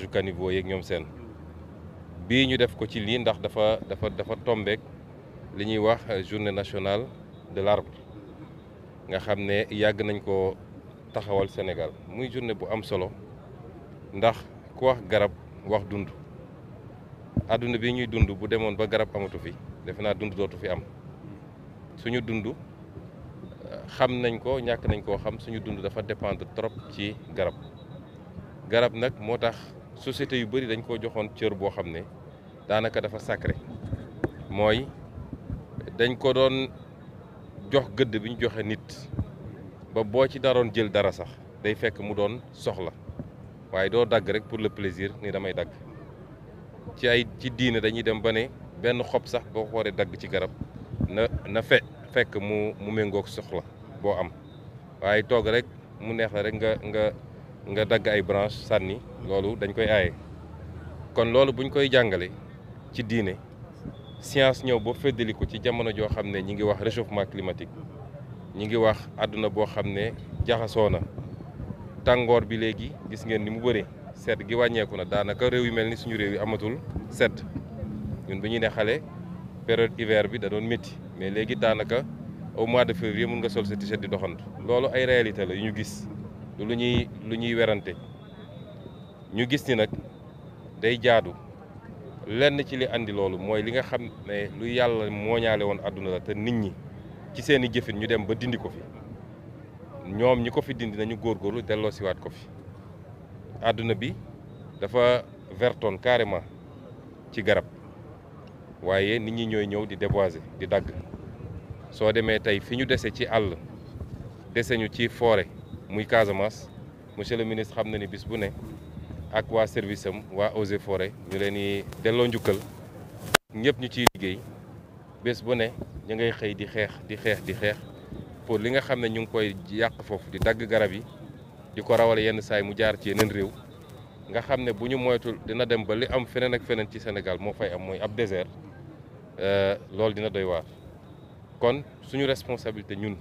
ju caniveau ñoom seen bii ñu def ko ci lii ndax dafa dafa dafa tombeek li ñuy wax journée nationale de l'arbre nga xam ne yàgg nañ ko taxawal Sénégal muy journée bu am solo ndax ku wax garab wax dund àdduna bi ñuy dund bu demoon ba garab amatu fi defe naa dund dootu fi am suñu dund xam nañ ko ñàkk nañ koo xam suñu dund dafa dépendre trop ci garab garab nag moo tax société yu bëri dañ koo joxoon cër boo xam ne daanaka dafa sacré mooy dañ ko doon jox gëdd bi ñu joxe nit ba boo ci daroon jël dara sax day fekk mu doon soxla waaye doo dagg rek pour le plaisir ni damay dagg ci ay ci diine dañuy dem ba ne benn xob sax boo ko waree dagg ci garab na na fe fekk mu mu méngoog soxla boo am waaye toog rek mu neex la rek nga nga nga dagg ay branche sànni loolu dañ koy aaye kon loolu buñ koy jàngale ci diine science ñëw boo féddali ko ci jamono joo xam ne ñi ngi wax réchauffement climatique ñi ngi wax àdduna boo xam ne jaxasoo na tàngoor bi léegi gis ngeen ni mu bëree sedd gi wàññeeku na daanaka réew yu mel ni suñu réew yi amatul sedd ñun bi ñu ne xale période hiver bi da metti mais léegi daanaka au mois de nga sol sa t di doxantu loolu ay réalité la yu ñu gis lu ñuy lu ñuy werante ñu gis ni nag day jaadu lenn ci li andi loolu mooy li nga xam ne lu yàlla mooñaale woon àdduna la te nit ñi ci seeni jëfin ñu dem ba dindi ko fi ñoom ñi ko fi dindi nañu góor góorgóorlu delloo siwaat ko fi àdduna bi dafa verton carrément ci garab waaye nit ñi ñooy ñëw di déboiser di dagg soo demee tey fi ñu dese ci àll dese ñu ci foore muy Casamance monsieur le ministre xam na ni bis bu ne ak waa service am waa Eaux et Forêts ñu leen di delloo njukkal ñëpp ñu ciy liggéey bés bu ne ñu ngay xëy di xeex di xeex di xeex pour li nga xam ne ñu ngi koy yàq foofu di dagg garab yi di ko rawal yenn saay mu jaar ci yeneen réew nga xam ne bu ñu moytul dina dem ba li am feneen ak feneen ci Sénégal moo fay am mooy ab désert euh, loolu dina doy waar kon suñu responsabilité ñun.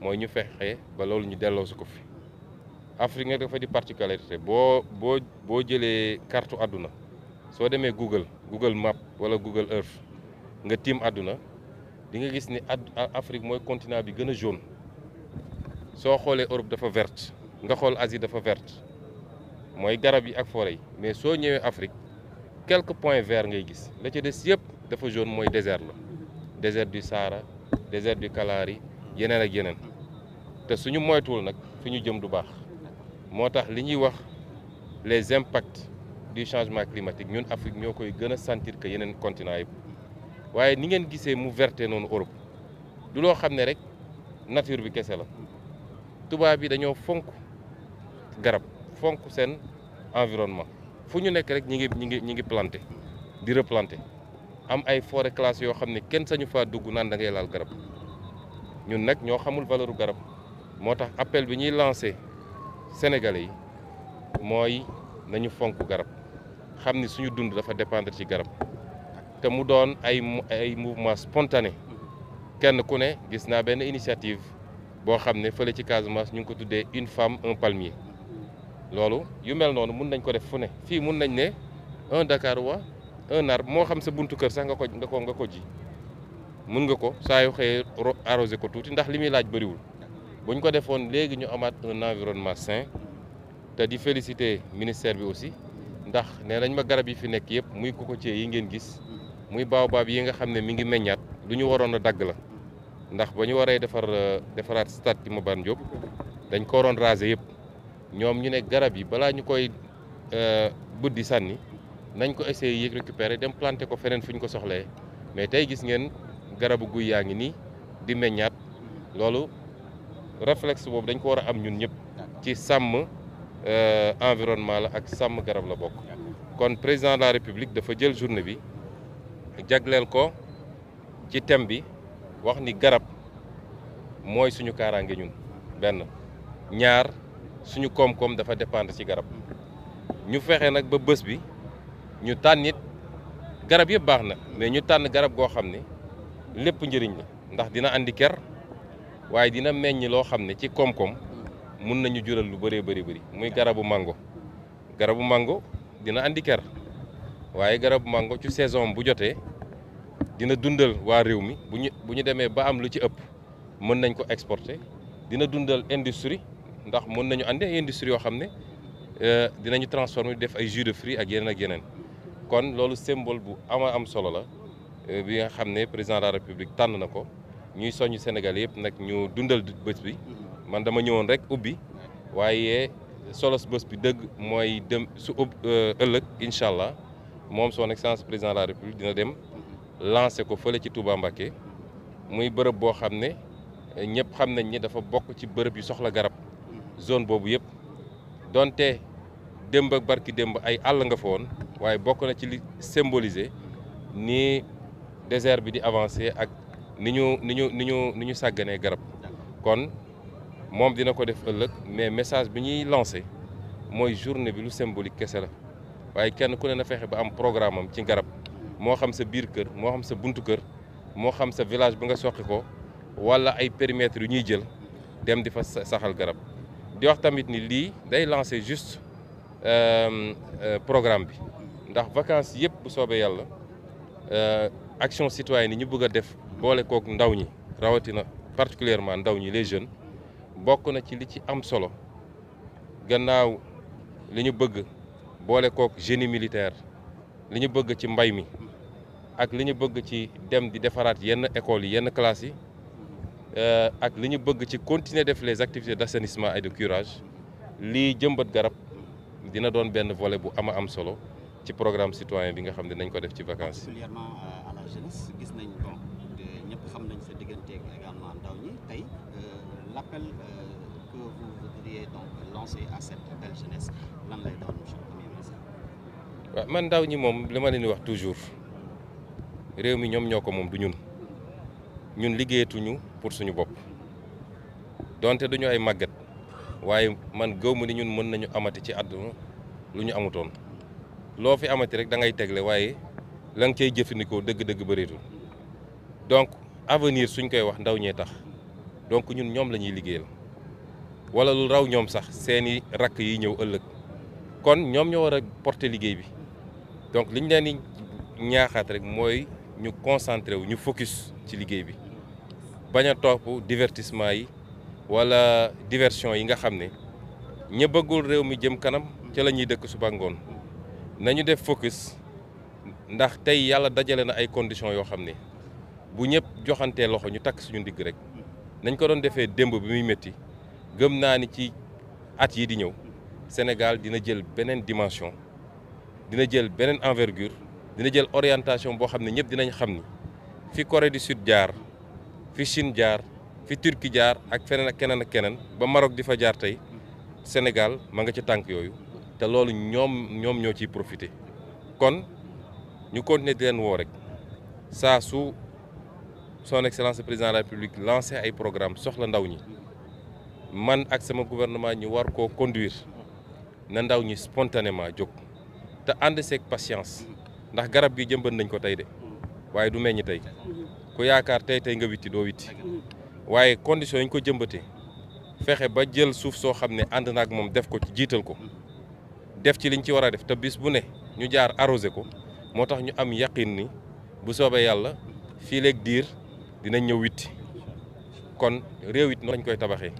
mooy ñu fexe ba loolu ñu delloo ko fi Afrique nag dafa di particularité boo boo boo jëlee carte àdduna soo demee Google Google Map wala Google Earth nga tiim àdduna di nga gis ni Afrique mooy continent bi gën a jaune soo xoolee Europe dafa verte nga xool Asie dafa verte mooy garab yi ak forêt mais soo ñëwee Afrique quelque point verts ngay gis la ci des yëpp dafa jaune mooy désert la désert du saara désert du Kalahari yeneen ak yeneen te suñu moytuwul nag fi ñu jëm du baax moo tax li ñuy wax les impacts du changement climatique ñun Afrique ñoo koy gën a sentir que yeneen continent yëpp waaye ni ngeen gisee mu verte noonu Europe du loo xam ne rek nature bi kese la tubaab yi dañoo fonk garab fonk seen environnement fu ñu nekk rek ñi ngi ñi ngi ñi ngi planté di replanté am ay forêt classée yoo xam ne kenn sañu faa dugg naan da ngay laal garab ñun nag ñoo xamul valeur garab moo tax appel bi ñuy lancé sénégalais yi mooy nañu fonk garab xam ni suñu dund dafa dépendre ci garab te mu doon ay ay mouvement spontané kenn ku ne gis naa benn initiative boo xam ne fële ci Casamance ñu ngi ko tuddee une femme un palmier loolu yu mel noonu mun nañ ko def fu ne fii mun nañ ne un Dakar wa un arbre moo xam sa buntu kër sax nga ko nga ko nga ko ji mun nga ko saa yu xëyee arrosé ko tuuti ndax li muy laaj bëriwul. bu ñu ko defoon léegi ñu amaat un environnement sain te di félicité ministère bi aussi ndax nee nañ ma garab yi fi nekk yëpp muy ci yi ngeen gis muy baobab yi nga xam ne mi ngi meññaat lu ñu waroon a dagg la ndax ba ñu waree defar euh, defaraat stade Iba Mar Diop dañ ko waroon raser yëpp ñoom ñu ne garab yi balaa ñu koy euh, buddi sànni nañ ko essayer yi récupérer dem planter ko feneen fi ñu ko soxlee mais tey gis ngeen garabu guy yaa ngi nii di meññaat loolu. réflexe boobu dañ ko war a am ñun ñëpp ci sàmm euh, environnement la ak sàmm garab la bokk kon président de la république dafa jël journée bi jagleel ko ci thème bi wax ni garab mooy suñu kaaraange ñun benn ñaar suñu koom-koom dafa dépendre ci garab ñu fexe nag ba bës bi ñu tànnit garab yëpp baax na mais ñu tànn garab goo xam ne lépp njëriñ la ndax dina indi ker waaye dina meññ loo xam ne ci koom-koom mun nañu jural lu bëree bëri bëri muy garabu mango garabu mango dina andi ker waaye garabu mango ci saison bu jotee dina dundal waa réew mi bu ñu demee ba am lu ci ëpp mën nañ ko exporter dina dundal industrie ndax mun nañu andi ay industrie yoo xam ne euh, dinañu transformer def ay jus de fruits ak yeneen ak yeneen kon loolu symbole bu ama am solo la euh, bi nga xam ne président de la république tànn na ko ñuy soññ Sénégal yëpp nag ñu dundal bés bi man dama ñëwoon rek ubbi waaye solos bés bi dëgg mooy dem su ub euh, ëllëg incha allah moom son excellence président de la république dina dem lancé ko fële ci Touba Mbacké muy bërëb boo xam ne ñëpp xam nañ ni dafa bokk ci bërëb yi soxla garab zone boobu yëpp donte démb ak barki démb ay àll nga fa woon waaye bokk na ci li symboliser ni désert bi di avancé ak ni ñu ni ñu ni ñu ni ñu sàgganee garab kon moom dina ko def ëllëg mais message bi ñuy lancé mooy journée bi lu symbolique kese la waaye kenn ku ne na fexe ba am programme am ci garab moo xam sa biir kër moo xam sa buntu kër moo xam sa village bi nga soqi ko wala ay périmètres yu ñuy jël dem di fa saxal garab di wax tamit ni lii day lancer juste euh, euh, programme bi ndax vacances yëpp bu soobee yàlla euh, action citoyenne yi ñu bëgg a def boole kook ndaw ñi rawatina particulièrement ndaw ñi les jeunes bokk na ci li ci am solo gannaaw li ñu bëgg boole kook génie militaire li ñu bëgg ci mbay mi ak li ñu bëgg ci dem di defaraat yenn école yi yenn classes yi euh, ak li ñu bëgg ci continuer def les activités d'assainissement et de curage lii jëmbat garab dina doon benn volet bu ama am solo ci programme citoyen bi nga xam ne nañ ko def ci vacances yi. particulièrement euh, à tey euh, euh, man ndaw ñi moom li ma leen di wax toujours réew mi ñoom ñoo ko moom du ñun ñun liggéeyatuñu pour suñu bopp donte duñu ay màggat waaye man gëw ma ni ñun mën nañu amati ci àdduna lu ñu amutoon loo fi amati rek da ngay tegle waaye la nga cay jëfandikoo dëgg-dëgg bëreetul donc avenir suñ koy wax ndaw ñee tax. donc ñun ñoom la ñuy liggéeyal wala lu raw ñoom sax seeni rakk yi ñëw ëllëg kon ñoom ñoo war a porter liggéey bi donc li ñu leen di ñaaxaat rek mooy ñu concentré wu ñu focus ci liggéey bi bañ a topp divertissement yi wala diversion yi nga xam ne ña bëggul réew mi jëm kanam ca la ñuy dëkk suba ngoon nañu def focus ndax tey yàlla dajale na ay conditions yoo xam ne bu ñëpp joxantee loxo ñu takk suñu ndigg rek nañ ko doon defee démb bi muy métti gëm naa ni ci at yi di ñëw Sénégal dina jël beneen dimension dina jël beneen envergure dina jël orientation boo xam ne ñëpp dinañ xam ni fi Corée du Sud jaar fi Chine jaar fi Turquie jaar ak feneen ak keneen ak keneen ba Maroc di fa jaar tey Sénégal ma nga ci tànk yooyu te loolu ñoom ñoom ñoo ciy profité kon ñu continuer di leen woo rek saa su son excellence président la république lancé ay programme soxla ndaw ñi man ak sama gouvernement ñu war koo conduire na ndaw ñi spontanément jóg te ànd seeg patience ndax garab gi jëmban nañ ko tey de waaye du meññ tey ku yaakaar tey tey nga witti doo witti waaye condition yi ñu ko jëmbatee fexe ba jël suuf soo xam ne ànd ak moom def ko ci jiital ko def ci liñ ci war a def te bis bu ne ñu jaar arrosé ko moo tax ñu am yaqin ni bu soobee yàlla diir dinañ ñëw witti kon réew it noonu lañ koy tabaxee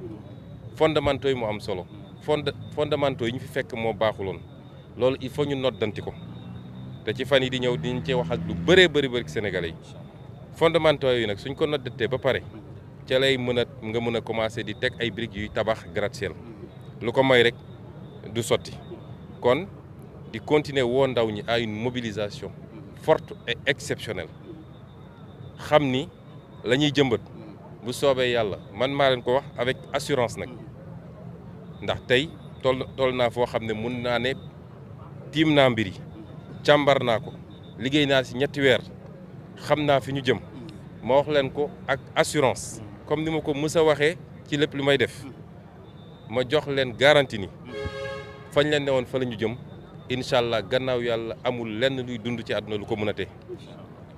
fondamentaux yi mu am solo fond fondamentaux yi ñu fi fekk moo baaxuloon loolu il faut ñu noddanti ko te ci fan yi di ñëw dinañ cee wax ak lu bëree bëri bëri Sénégalais yi fondamentaux yi nag suñ ko noddatee ba pare ca lay mën a nga mën a commencé di teg ay briques yuy tabax gratte-ciel lu ko may rek du sotti kon di continuer woo ndaw ñi ay une mobilisation forte et exceptionnelle xam ni. la ñuy jëmbat bu soobee yàlla man maa leen ko wax avec assurance nag ndax tey toll toll naa foo xam ne mun naa ne tiim naa mbir yi càmbar naa ko liggéey naa ci ñetti weer xam naa fi ñu jëm ma wax leen ko ak assurance comme ni ma ko mës a waxee ci lépp lu may def ma jox leen garanti ni fañ leen ne woon fa la ñu jëm incha allah gannaaw yàlla amul lenn luy dund ci àdduna lu ko mën a te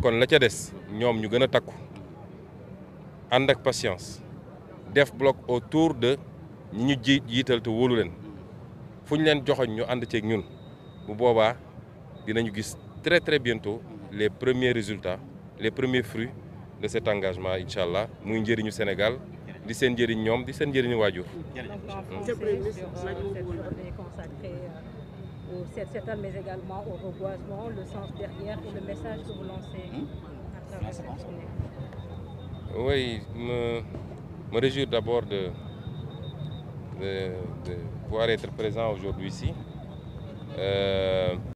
kon la ca des ñoom ñu gën a takku ànd ak patience def bloc autour de ñi ñu ji jiital te wóolu leen fu ñu leen joxoñ ñu ànd ceeg ñun bu boobaa dinañu gis très très bientôt les premiers résultats les premiers fruits de cet engagement incha allah muy njëriñu Sénégal di seen njëriñ ñoom di seen njëriñu waajur. Oui, me, me réjouir d'abord de, de, de, pouvoir être présent aujourd'hui ici. Euh,